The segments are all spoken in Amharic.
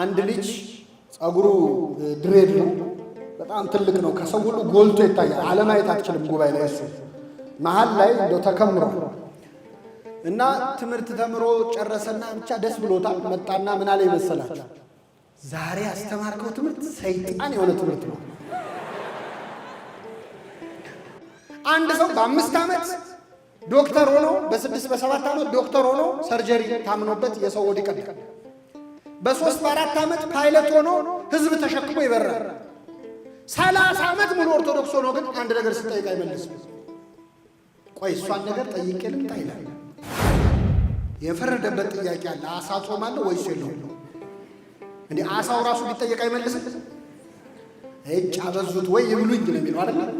አንድ ልጅ ጸጉሩ ድሬድ ነው። በጣም ትልቅ ነው። ከሰው ሁሉ ጎልቶ ይታያል። አለማየት አትችልም። ጉባኤ ላይ እሱ መሀል ላይ እንደው ተከምሮ እና ትምህርት ተምሮ ጨረሰና ብቻ ደስ ብሎታል። መጣና ምን አለ ዛሬ አስተማርከው ትምህርት ሰይጣን የሆነ ትምህርት ነው። አንድ ሰው በአምስት ዓመት ዶክተር ሆኖ በስድስት በሰባት ዓመት ዶክተር ሆኖ ሰርጀሪ ታምኖበት የሰው ወዲቀዳል በሶስት በአራት ዓመት ፓይለት ሆኖ ህዝብ ተሸክሞ ይበራል። ሰላሳ ዓመት ሙሉ ኦርቶዶክስ ሆኖ ግን አንድ ነገር ስጠይቅ አይመልስም። ቆይ እሷን ነገር ጠይቄ ልምጣ ይላል። የፈረደበት ጥያቄ አለ። አሳ ጾም አለ ወይስ የለውም? እንዲ አሳው ራሱ ቢጠየቅ አይመልስም? እጭ አበዙት ወይ ይብሉኝ ነው የሚለው አይደል?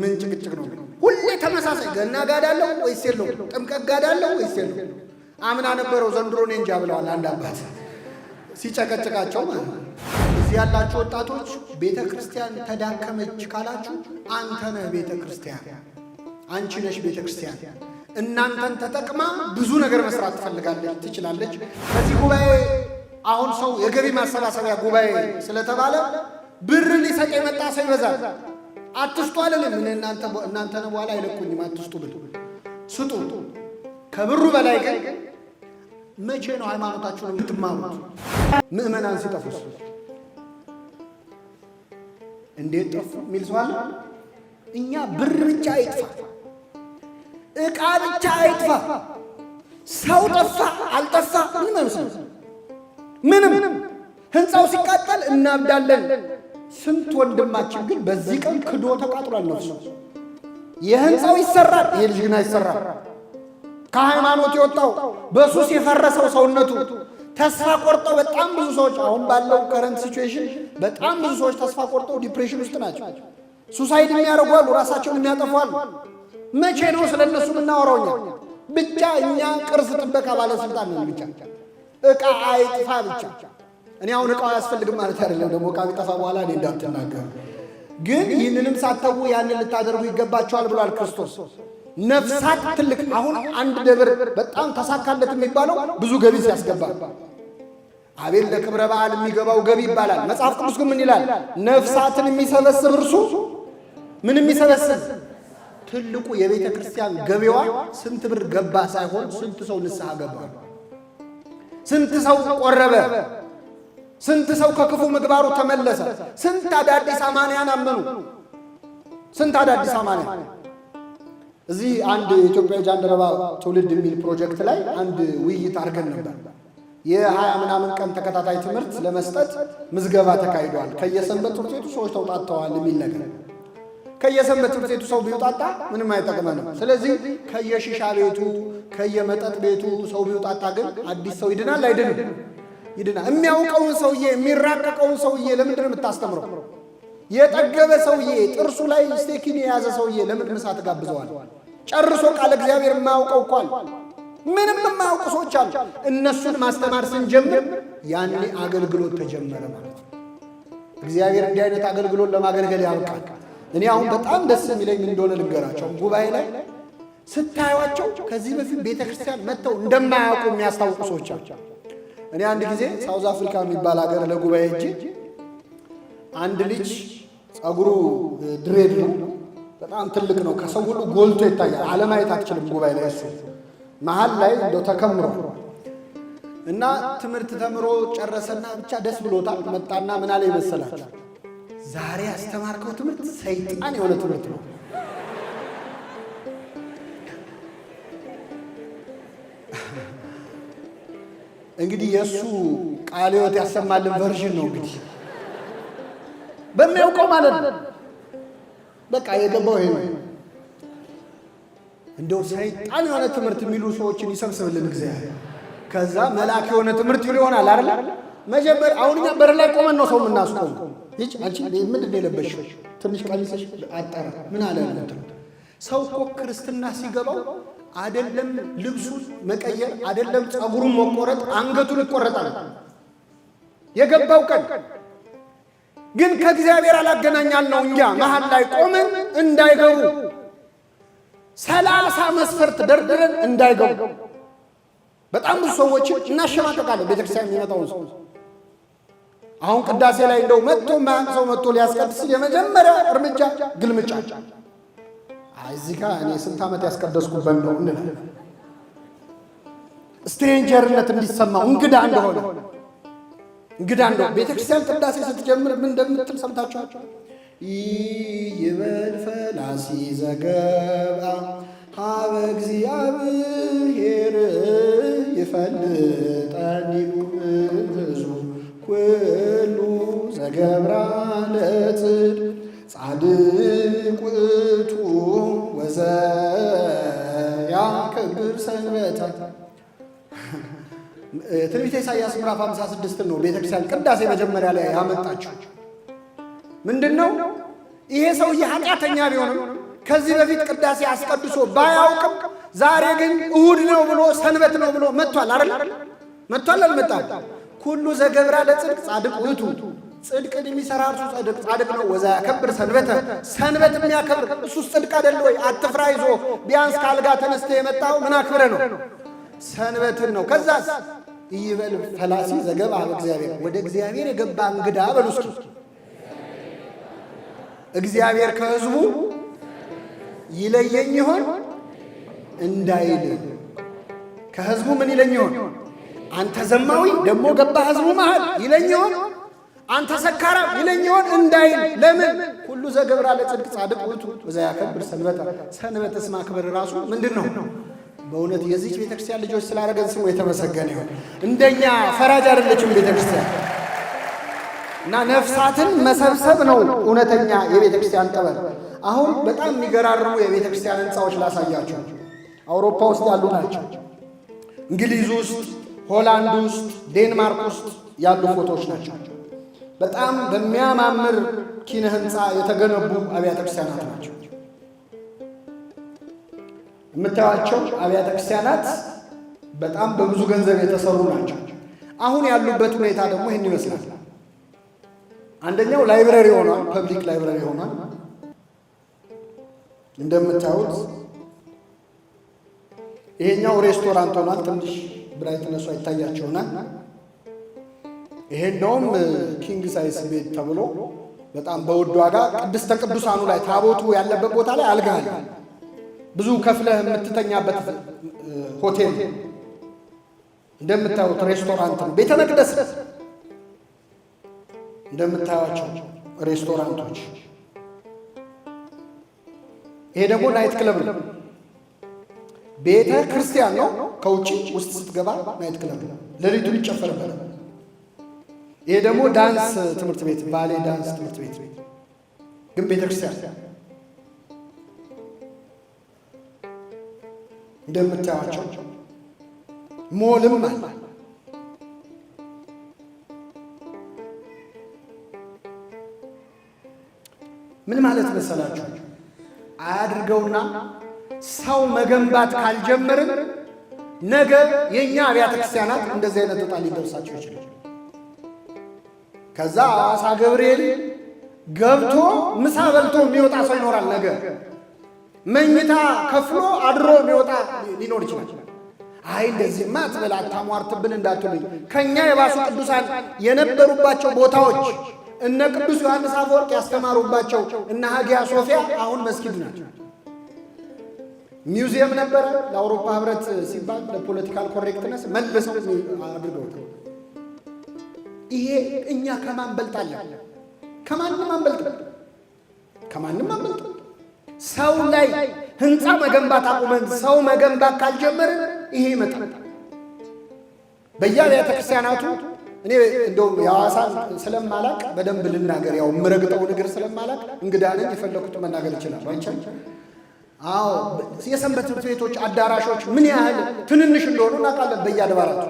ምን ጭቅጭቅ ነው? ሁሌ ተመሳሳይ ገና ጋድ ወይስ የለውም? ጥምቀት ጋድ ወይስ የለውም? አምና ነበረው ዘንድሮ እኔ እንጃ ብለዋል አንድ አባት ሲጨቀጭቃቸው ማለት ነው። እዚህ ያላችሁ ወጣቶች ቤተ ክርስቲያን ተዳከመች ካላችሁ አንተ ነህ ቤተ ክርስቲያን፣ አንቺ ነሽ ቤተ ክርስቲያን። እናንተን ተጠቅማ ብዙ ነገር መስራት ትፈልጋለች፣ ትችላለች። ከዚህ ጉባኤ አሁን ሰው የገቢ ማሰባሰቢያ ጉባኤ ስለተባለ ብር ሊሰጥ የመጣ ሰው ይበዛል። አትስጡ አለልም እናንተ በኋላ አይለቁኝም አትስጡ ብል ስጡ። ከብሩ በላይ ግን መቼ ነው ሃይማኖታችሁን የምትማሩት? ምእመናን ሲጠፉስ እንዴት ጠፉ የሚል ሰው አለ። እኛ ብር ብቻ አይጥፋ፣ እቃ ብቻ አይጥፋ፣ ሰው ጠፋ አልጠፋ ምን መስል ምንም ህንፃው ሲቃጠል እናብዳለን። ስንት ወንድማችን ግን በዚህ ቀን ክዶ ተቃጥሏል። ነፍሱ የህንፃው ይሰራል፣ የልጅ ግን አይሰራል። ከሃይማኖት የወጣው በሱስ የፈረሰው ሰውነቱ ተስፋ ቆርጠው በጣም ብዙ ሰዎች አሁን ባለው ከረንት ሲቹዌሽን በጣም ብዙ ሰዎች ተስፋ ቆርጠው ዲፕሬሽን ውስጥ ናቸው። ሱሳይድ የሚያደርጉ አሉ፣ ራሳቸውን የሚያጠፉ አሉ። መቼ ነው ስለ እነሱ የምናወራው? እኛ ብቻ እኛ ቅርስ ጥበቃ ባለስልጣን ነን። ብቻ እቃ አይጥፋ ብቻ። እኔ አሁን እቃው አያስፈልግም ማለት አይደለም። ደግሞ እቃ ቢጠፋ በኋላ እኔ እንዳትናገር፣ ግን ይህንንም ሳተዉ ያንን ልታደርጉ ይገባቸዋል ብሏል ክርስቶስ። ነፍሳት ትልቅ አሁን አንድ ደብር በጣም ተሳካለት የሚባለው ብዙ ገቢ ሲያስገባ አቤል ለክብረ በዓል የሚገባው ገቢ ይባላል። መጽሐፍ ቅዱስ ግን ምን ይላል? ነፍሳትን የሚሰበስብ እርሱ ምን የሚሰበስብ ትልቁ የቤተ ክርስቲያን ገቢዋ ስንት ብር ገባ ሳይሆን ስንት ሰው ንስሐ ገባ፣ ስንት ሰው ቆረበ፣ ስንት ሰው ከክፉ ምግባሩ ተመለሰ፣ ስንት አዳዲስ አማንያን አመኑ፣ ስንት አዳዲስ አማንያን እዚህ አንድ የኢትዮጵያ ጃንደረባ ትውልድ የሚል ፕሮጀክት ላይ አንድ ውይይት አድርገን ነበር። የሀያ ምናምን ቀን ተከታታይ ትምህርት ለመስጠት ምዝገባ ተካሂዷል። ከየሰንበት ትምህርት ቤቱ ሰዎች ተውጣጥተዋል የሚል ነገር ከየሰንበት ትምህርት ቤቱ ሰው ቢውጣጣ ምንም አይጠቅመንም። ስለዚህ ከየሺሻ ቤቱ ከየመጠጥ ቤቱ ሰው ቢውጣጣ ግን አዲስ ሰው ይድናል አይድንም? ይድናል። የሚያውቀውን ሰውዬ የሚራቀቀውን ሰውዬ ለምንድን ነው የምታስተምረው? የጠገበ ሰውዬ ጥርሱ ላይ ስቴኪን የያዘ ሰውዬ ለምን ምሳ ትጋብዘዋል? ጨርሶ ቃለ እግዚአብሔር የማያውቀው እኳል ምንም የማያውቁ ሰዎች አሉ። እነሱን ማስተማር ስንጀምር ያኔ አገልግሎት ተጀመረ ማለት ነው። እግዚአብሔር እንዲህ አይነት አገልግሎት ለማገልገል ያብቃል። እኔ አሁን በጣም ደስ የሚለኝ እንደሆነ ልንገራቸው። ጉባኤ ላይ ስታዩቸው ከዚህ በፊት ቤተ ክርስቲያን መጥተው እንደማያውቁ የሚያስታውቁ ሰዎች አሉ። እኔ አንድ ጊዜ ሳውዝ አፍሪካ የሚባል ሀገር ለጉባኤ እጅ አንድ ልጅ ጸጉሩ ድሬድ ነው በጣም ትልቅ ነው። ከሰው ሁሉ ጎልቶ ይታያል። አለማየት አትችልም። ጉባኤ ላይ እሱ መሀል ላይ እንደው ተከምሮ እና ትምህርት ተምሮ ጨረሰና ብቻ ደስ ብሎታል። መጣና ምን አለ ይመስላችሁ? ዛሬ ያስተማርከው ትምህርት ሰይጣን የሆነ ትምህርት ነው። እንግዲህ የእሱ ቃለ ሕይወት ያሰማልን ቨርዥን ነው እንግዲህ በሚያውቀው ማለት ነው በቃ የገባው ይሄ ነው። እንደው ሰይጣን የሆነ ትምህርት የሚሉ ሰዎችን ይሰብስብልን እግዚአብሔር። ከዛ መልአክ የሆነ ትምህርት ይሉ ይሆናል አይደል? መጀመር አሁን እኛ በር ላይ ቆመን ነው ሰው የምናስቆም። ይች አንቺ ምንድን የለበሽው ትንሽ ቀሚስሽ አጠረ ምን አለ ሰው እኮ ክርስትና ሲገባው አይደለም ልብሱ መቀየር አይደለም ፀጉሩን መቆረጥ አንገቱን ይቆረጣል። የገባው ቀን ግን ከእግዚአብሔር አላገናኛል ነው እንጂ መሀል ላይ ቆመን እንዳይገቡ ሰላሳ መስፈርት ደርድረን እንዳይገቡ በጣም ብዙ ሰዎች እናሸማቀቃለን። ቤተክርስቲያን የሚመጣውን ሰው አሁን ቅዳሴ ላይ እንደው መጥቶ ማን ሰው መጥቶ ሊያስቀድስ የመጀመሪያ እርምጃ ግልምጫ፣ እዚህ ጋ እኔ ስንት ዓመት ያስቀደስኩበት ነው እንላለን። ስትሬንጀርነት እንዲሰማው እንግዳ እንደሆነ እንግዳ እንደው ቤተክርስቲያን ቅዳሴ ስትጀምር ምን እንደምትል ሰምታችኋቸው ይበል ፈላሲ ዘገባ ሀበ እግዚአብሔር ይፈልጠኒ ብዙ ኩሉ ዘገብራ ለጽድ ጻድቅ ወዘያ ክብር ያከብር ሰንበታ ትንቢተ ኢሳያስ ምዕራፍ 56 ነው ቤተክርስቲያን ቅዳሴ መጀመሪያ ላይ ያመጣችው። ምንድን ነው ይሄ ሰውዬ ኃጢአተኛ ቢሆንም ከዚህ በፊት ቅዳሴ አስቀድሶ ባያውቅም ዛሬ ግን እሁድ ነው ብሎ ሰንበት ነው ብሎ መጥቷል። አረ መጥቷል፣ አልመጣም? ሁሉ ዘገብራ ለጽድቅ ጻድቅ ውእቱ፣ ጽድቅን የሚሰራ እርሱ ጻድቅ ጻድቅ ነው። ወዛ ያከብር ሰንበተ፣ ሰንበት የሚያከብር እሱስ ጽድቅ አይደለ ወይ? አትፍራ፣ ይዞ ቢያንስ ካልጋ ተነስተ የመጣው ምን አክብረ ነው ሰንበትን ነው። ከዛስ ይበል ፈላሲ ዘገባ እግዚአብሔር ወደ እግዚአብሔር የገባ እንግዳ በሉ እስኪ እግዚአብሔር ከህዝቡ ይለየኝ ይሆን እንዳይል ከህዝቡ ምን ይለኝ ይሆን? አንተ ዘማዊ ደግሞ ገባ ህዝቡ መሃል ይለኝ ይሆን? አንተ ሰካራ ይለኝ ይሆን እንዳይል። ለምን ሁሉ ዘገብራ ለጽድቅ ጻድቅ ውእቱ ያከብር ሰንበተ። ሰንበተስ ማክበር ራሱ ምንድን ነው? በእውነት የዚች ቤተክርስቲያን ልጆች ስላደረገን ስሙ የተመሰገነ ይሁን። እንደኛ ፈራጅ አይደለችም ቤተክርስቲያን እና ነፍሳትን መሰብሰብ ነው እውነተኛ የቤተክርስቲያን ጥበብ። አሁን በጣም የሚገራርሙ የቤተክርስቲያን ህንፃዎች ላሳያቸው። አውሮፓ ውስጥ ያሉ ናቸው። እንግሊዝ ውስጥ፣ ሆላንድ ውስጥ፣ ዴንማርክ ውስጥ ያሉ ፎቶዎች ናቸው። በጣም በሚያማምር ኪነ ህንፃ የተገነቡ አብያተ ክርስቲያናት ናቸው። የምታዩቸው አብያተ ክርስቲያናት በጣም በብዙ ገንዘብ የተሰሩ ናቸው። አሁን ያሉበት ሁኔታ ደግሞ ይህን ይመስላል። አንደኛው ላይብረሪ ሆኗል፣ ፐብሊክ ላይብረሪ ሆኗል። እንደምታዩት ይሄኛው ሬስቶራንት ሆኗል። ትንሽ ብራይትነሱ አይታያቸውና ይሄ እንደውም ኪንግ ሳይስ ቤት ተብሎ በጣም በውድ ዋጋ ቅድስተ ቅዱሳኑ ላይ ታቦቱ ያለበት ቦታ ላይ አልጋ አለ። ብዙ ከፍለህ የምትተኛበት ሆቴል እንደምታዩት ሬስቶራንት ነው። ቤተ መቅደስ እንደምታያቸው ሬስቶራንቶች። ይሄ ደግሞ ናይት ክለብ ነው። ቤተ ክርስቲያን ነው። ከውጭ ውስጥ ስትገባ ናይት ክለብ ነው። ሌሊቱን ይጨፈርበታል። ይሄ ደግሞ ዳንስ ትምህርት ቤት፣ ባሌ ዳንስ ትምህርት ቤት ግን ቤተ ክርስቲያን እንደምታያቸው ሞልም አለ። ምን ማለት መሰላችሁ? አያድርገውና ሰው መገንባት ካልጀመርን ነገ የእኛ አብያተ ክርስቲያናት እንደዚህ አይነት ዕጣ ሊደርሳቸው ይችላል። ከዛ አዋሳ ገብርኤል ገብቶ ምሳ በልቶ የሚወጣ ሰው ይኖራል ነገ መኝታ ከፍሎ አድሮ የሚወጣ ሊኖር ይችላል። አይ እንደዚህማ አትበል አታሟርትብን እንዳትሉኝ። ከእኛ የባሱ ቅዱሳን የነበሩባቸው ቦታዎች እነ ቅዱስ ዮሐንስ አፈወርቅ ያስተማሩባቸው እነ ሀጊያ ሶፊያ አሁን መስጊድ ናቸው። ሚውዚየም ነበረ። ለአውሮፓ ህብረት ሲባል ለፖለቲካል ኮሬክትነስ መልሰው አድርገው ይሄ እኛ ከማን በልጣለን? ከማንም አንበልጥም። ከማንም አንበልጥም። ሰው ላይ ህንፃ መገንባት አቁመን ሰው መገንባት ካልጀመርን ይሄ ይመጣል። በየአብያተ ክርስቲያናቱ እኔ እንደውም የሐዋሳ ስለማላቅ በደንብ ልናገር፣ ያው የምረግጠው ነገር ስለማላቅ እንግዳ ነኝ። የፈለኩት መናገር ይችላል። አይቻል አዎ፣ የሰንበት ትምህርት ቤቶች አዳራሾች ምን ያህል ትንንሽ እንደሆኑ እናውቃለን። በየአድባራቱ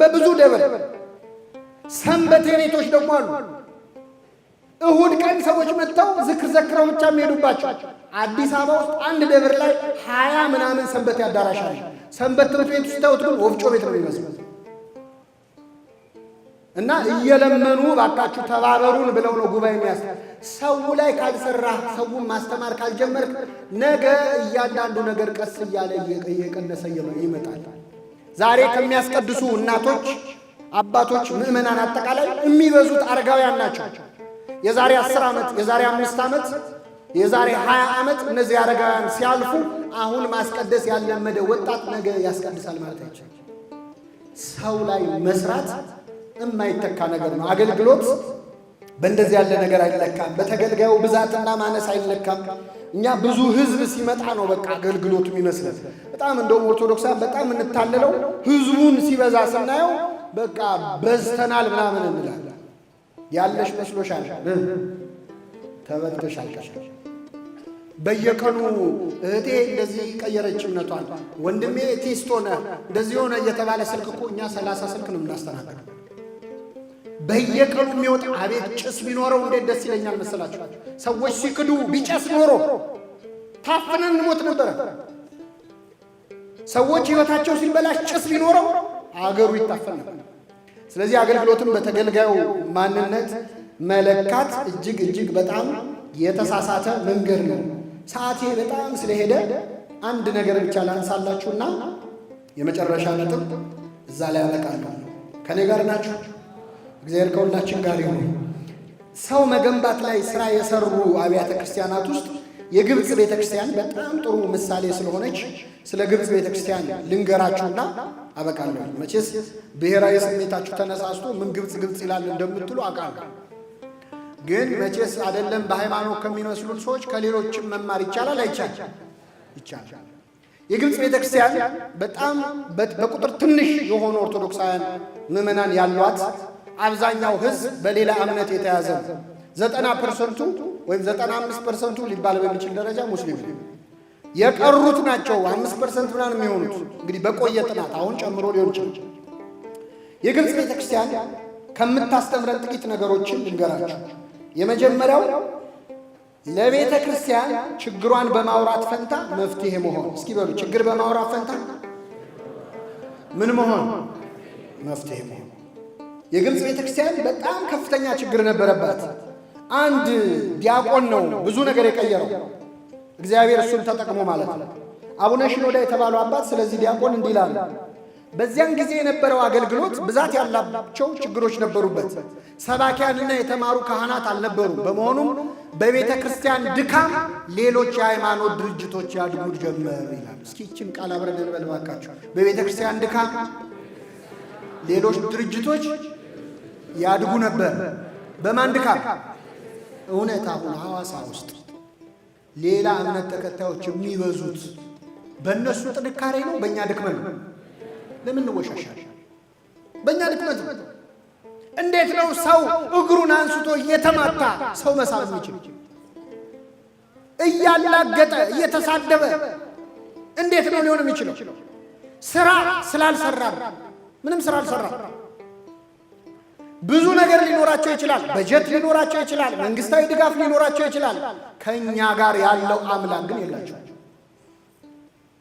በብዙ ደበል ሰንበት ቤቶች ደግሞ አሉ እሁድ ቀን ሰዎች መጥተው ዝክር ዘክረው ብቻ የሚሄዱባቸው አዲስ አበባ ውስጥ አንድ ደብር ላይ ሀያ ምናምን ሰንበት ያዳራሽ አለ። ሰንበት ትምህርት ቤት ውስጥ ተውት ግን ወፍጮ ቤት ነው የሚመስለው። እና እየለመኑ ባካችሁ ተባበሩን ብለው ነው ጉባኤ የሚያስ ሰው ላይ ካልሰራ ሰውን ማስተማር ካልጀመርክ ነገ እያንዳንዱ ነገር ቀስ እያለ እየቀነሰ ይመጣል። ዛሬ ከሚያስቀድሱ እናቶች፣ አባቶች፣ ምዕመናን አጠቃላይ የሚበዙት አረጋውያን ናቸው። የዛሬ 10 ዓመት የዛሬ አምስት ዓመት የዛሬ 20 ዓመት እነዚህ አረጋውያን ሲያልፉ አሁን ማስቀደስ ያለመደ ወጣት ነገ ያስቀድሳል ማለት አይቻልም። ሰው ላይ መስራት የማይተካ ነገር ነው። አገልግሎት በእንደዚህ ያለ ነገር አይለካም። በተገልጋዩ ብዛትና ማነስ አይለካም። እኛ ብዙ ህዝብ ሲመጣ ነው በቃ አገልግሎቱ ይመስላል። በጣም እንደውም ኦርቶዶክሳን በጣም እንታለለው ህዝቡን ሲበዛ ስናየው በቃ በዝተናል ምናምን እንላለን። ያለሽ መስሎሻል፣ ተበልተሻል። በየቀኑ እህቴ እንደዚህ ቀየረች እምነቷን፣ ወንድሜ ቴስት ሆነ እንደዚህ ሆነ እየተባለ ስልክ እኮ እኛ ሰላሳ ስልክ ነው የምናስተናግድ። በየቀኑ የሚወጣ አቤት ጭስ ቢኖረው እንዴት ደስ ይለኛል መሰላችሁ። ሰዎች ሲክዱ ቢጨስ ኖሮ ታፍነን እንሞት ነበረ። ሰዎች ህይወታቸው ሲበላሽ ጭስ ቢኖረው አገሩ ይታፈን ነበር። ስለዚህ አገልግሎትን በተገልጋዩ ማንነት መለካት እጅግ እጅግ በጣም የተሳሳተ መንገድ ነው። ሰዓቴ በጣም ስለሄደ አንድ ነገር ብቻ ላንሳላችሁና የመጨረሻ ነጥብ እዛ ላይ አበቃለሁ። ከኔ ጋር ናችሁ። እግዚአብሔር ከሁላችን ጋር ይሁን። ሰው መገንባት ላይ ሥራ የሰሩ አብያተ ክርስቲያናት ውስጥ የግብፅ ቤተ ክርስቲያን በጣም ጥሩ ምሳሌ ስለሆነች ስለ ግብፅ ቤተክርስቲያን ልንገራችሁና አበቃለሁ። መቼስ ብሔራዊ ስሜታችሁ ተነሳስቶ ምን ግብፅ ግብፅ ይላል እንደምትሉ አውቃለሁ። ግን መቼስ አይደለም በሃይማኖት ከሚመስሉት ሰዎች ከሌሎችም መማር ይቻላል አይቻል ይቻላል። የግብፅ ቤተክርስቲያን በጣም በቁጥር ትንሽ የሆኑ ኦርቶዶክሳውያን ምዕመናን ያሏት፣ አብዛኛው ህዝብ በሌላ እምነት የተያዘ ነው። ዘጠና ፐርሰንቱ ወይም ዘጠና አምስት ፐርሰንቱ ሊባል በሚችል ደረጃ ሙስሊም ነው። የቀሩት ናቸው አምስት ፐርሰንት ምናምን የሚሆኑት እንግዲህ በቆየ ጥናት አሁን ጨምሮ ሊሆን ይችላል። የግብፅ ቤተክርስቲያን ከምታስተምረን ጥቂት ነገሮችን ልንገራችሁ። የመጀመሪያው ለቤተ ክርስቲያን ችግሯን በማውራት ፈንታ መፍትሄ መሆን። እስኪ በሉ ችግር በማውራት ፈንታ ምን መሆን? መፍትሄ መሆን። የግብፅ ቤተክርስቲያን በጣም ከፍተኛ ችግር ነበረባት። አንድ ዲያቆን ነው ብዙ ነገር የቀየረው እግዚአብሔር እሱን ተጠቅሞ ማለት ነው። አቡነ ሽኖዳ የተባለው አባት ስለዚህ ዲያቆን እንዲህ ይላሉ። በዚያን ጊዜ የነበረው አገልግሎት ብዛት ያላቸው ችግሮች ነበሩበት። ሰባኪያንና የተማሩ ካህናት አልነበሩ። በመሆኑም በቤተ ክርስቲያን ድካም ሌሎች የሃይማኖት ድርጅቶች ያድጉ ጀመር ይላል። እስኪ ይህችን ቃል አብረን እንበልባካቸው። በቤተ ክርስቲያን ድካም ሌሎች ድርጅቶች ያድጉ ነበር። በማን ድካም? እውነት አሁን ሐዋሳ ውስጥ ሌላ እምነት ተከታዮች የሚበዙት በእነሱ ጥንካሬ ነው፣ በእኛ ድክመት ነው። ለምን ወሻሻል? በእኛ ድክመት ነው። እንዴት ነው ሰው እግሩን አንስቶ እየተማታ ሰው መሳብ የሚችል እያላገጠ እየተሳደበ እንዴት ነው ሊሆን የሚችለው? ስራ ስላልሰራ ምንም ስራ አልሰራ ብዙ ነገር ሊኖራቸው ይችላል። በጀት ሊኖራቸው ይችላል። መንግስታዊ ድጋፍ ሊኖራቸው ይችላል። ከእኛ ጋር ያለው አምላክ ግን የላቸው።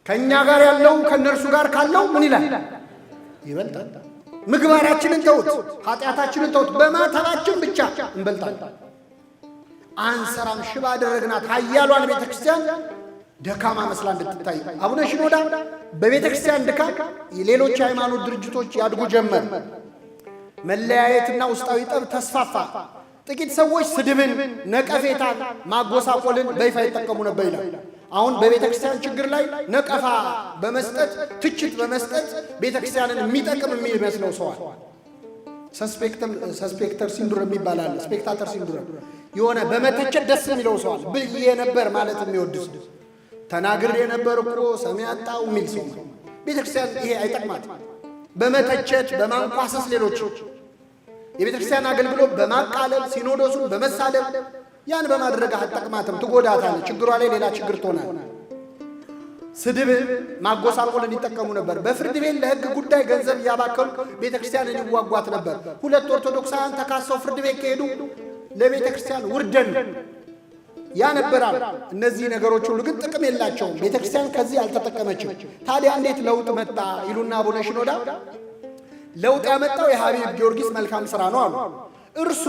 ከእኛ ጋር ያለው ከእነርሱ ጋር ካለው ምን ይላል? ይበልጣል። ምግባራችንን ተውት፣ ኃጢአታችንን ተውት፣ በማተባችን ብቻ እንበልጣል። አንሰራም፣ ሽባ አደረግናት። ኃያሏን ቤተ ክርስቲያን ደካማ መስላ እንድትታይ አቡነ ሽኖዳ በቤተ ክርስቲያን ድካም የሌሎች ሃይማኖት ድርጅቶች ያድጉ ጀመር። መለያየትና ውስጣዊ ጠብ ተስፋፋ። ጥቂት ሰዎች ስድብን፣ ነቀፌታን፣ ማጎሳቆልን በይፋ ይጠቀሙ ነበር ይላል። አሁን በቤተ ክርስቲያን ችግር ላይ ነቀፋ በመስጠት ትችት በመስጠት ቤተ ክርስቲያንን የሚጠቅም የሚመስለው ሰዋል። ሰስፔክተር ሲንድሮም የሚባል ስፔክታተር ሲንድሮም የሆነ በመተቸት ደስ የሚለው ሰዋል። ብዬ ነበር ማለት የሚወድ ተናግሬ ነበር እኮ ሰሚ አጣው የሚል ሰው ቤተ ይሄ አይጠቅማት በመተቸት በማንኳሰስ ሌሎች የቤተ ክርስቲያን አገልግሎት በማቃለል ሲኖዶሱን በመሳደብ ያን በማድረግ አትጠቅማትም፣ ትጎዳታለ ችግሯ ላይ ሌላ ችግር ትሆናል። ስድብ ማጎሳቆልን ይጠቀሙ ነበር። በፍርድ ቤት ለህግ ጉዳይ ገንዘብ እያባከሉ ቤተ ክርስቲያንን ይዋጓት ነበር። ሁለት ኦርቶዶክሳውያን ተካሰው ፍርድ ቤት ከሄዱ ለቤተ ክርስቲያን ውርደን ያነበራል እነዚህ ነገሮች ሁሉ ግን ጥቅም የላቸውም። ቤተ ክርስቲያን ከዚህ አልተጠቀመችም። ታዲያ እንዴት ለውጥ መጣ ይሉና አቡነ ሽኖዳ ለውጥ ያመጣው የሀቢብ ጊዮርጊስ መልካም ስራ ነው አሉ። እርሱ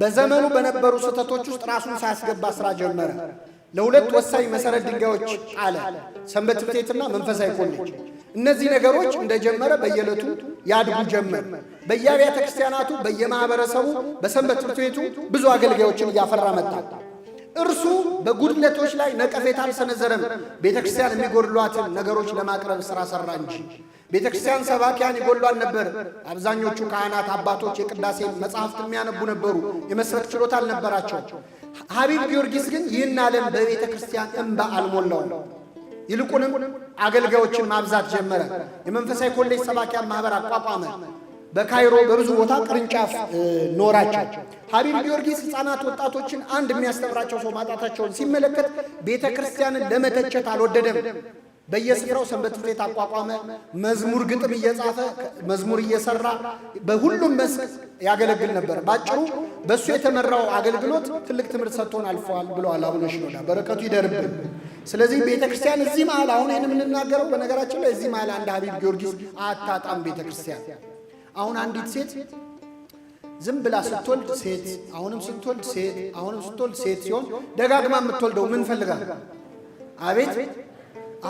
በዘመኑ በነበሩ ስህተቶች ውስጥ ራሱን ሳያስገባ ስራ ጀመረ። ለሁለት ወሳኝ መሰረት ድንጋዮች አለ፣ ሰንበት ትምህርት ቤትና መንፈሳዊ ኮሌጅ። እነዚህ ነገሮች እንደጀመረ በየዕለቱ ያድጉ ጀመር። በየአብያተ ክርስቲያናቱ፣ በየማህበረሰቡ፣ በሰንበት ትምህርት ቤቱ ብዙ አገልጋዮችን እያፈራ መጣ። እርሱ በጉድለቶች ላይ ነቀፌታ አልሰነዘረም፣ ቤተ ክርስቲያን የሚጎድሏትን ነገሮች ለማቅረብ ሥራ ሠራ እንጂ። ቤተ ክርስቲያን ሰባኪያን ይጎድሏል ነበር። አብዛኞቹ ካህናት አባቶች የቅዳሴ መጽሐፍት የሚያነቡ ነበሩ፣ የመስረት ችሎታ አልነበራቸው። ሀቢብ ጊዮርጊስ ግን ይህን ዓለም በቤተ ክርስቲያን እንባ አልሞላውም። ይልቁንም አገልጋዮችን ማብዛት ጀመረ። የመንፈሳዊ ኮሌጅ ሰባኪያን ማኅበር አቋቋመ። በካይሮ በብዙ ቦታ ቅርንጫፍ ኖራቸው ሀቢብ ጊዮርጊስ ህፃናት ወጣቶችን አንድ የሚያስተምራቸው ሰው ማጣታቸውን ሲመለከት ቤተ ክርስቲያንን ለመተቸት አልወደደም። በየስፍራው ሰንበት ትምህርት ቤት አቋቋመ። መዝሙር ግጥም እየጻፈ መዝሙር እየሰራ በሁሉም መስክ ያገለግል ነበር። ባጭሩ በእሱ የተመራው አገልግሎት ትልቅ ትምህርት ሰጥቶን አልፈዋል ብለዋል አቡነ ሽኖዳ። በረከቱ ይደርብን። ስለዚህ ቤተ ክርስቲያን እዚህ መሀል አሁን ይህን የምንናገረው በነገራችን ላይ እዚህ መሀል አንድ ሀቢብ ጊዮርጊስ አታጣም ቤተ ክርስቲያን አሁን አንዲት ሴት ዝም ብላ ስትወልድ ሴት፣ አሁንም ስትወልድ ሴት፣ አሁንም ስትወልድ ሴት ሲሆን ደጋግማ የምትወልደው ምን ፈልጋል? አቤት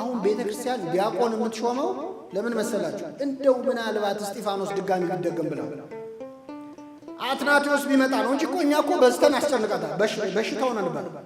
አሁን ቤተ ክርስቲያን ዲያቆን የምትሾመው ለምን መሰላችሁ? እንደው ምናልባት እስጢፋኖስ ድጋሚ ቢደገም ብላ አትናቴዎስ ቢመጣ ነው እንጂ እኮ እኛ እኮ በዝተን አስጨንቀታል። በሽታውን አንባል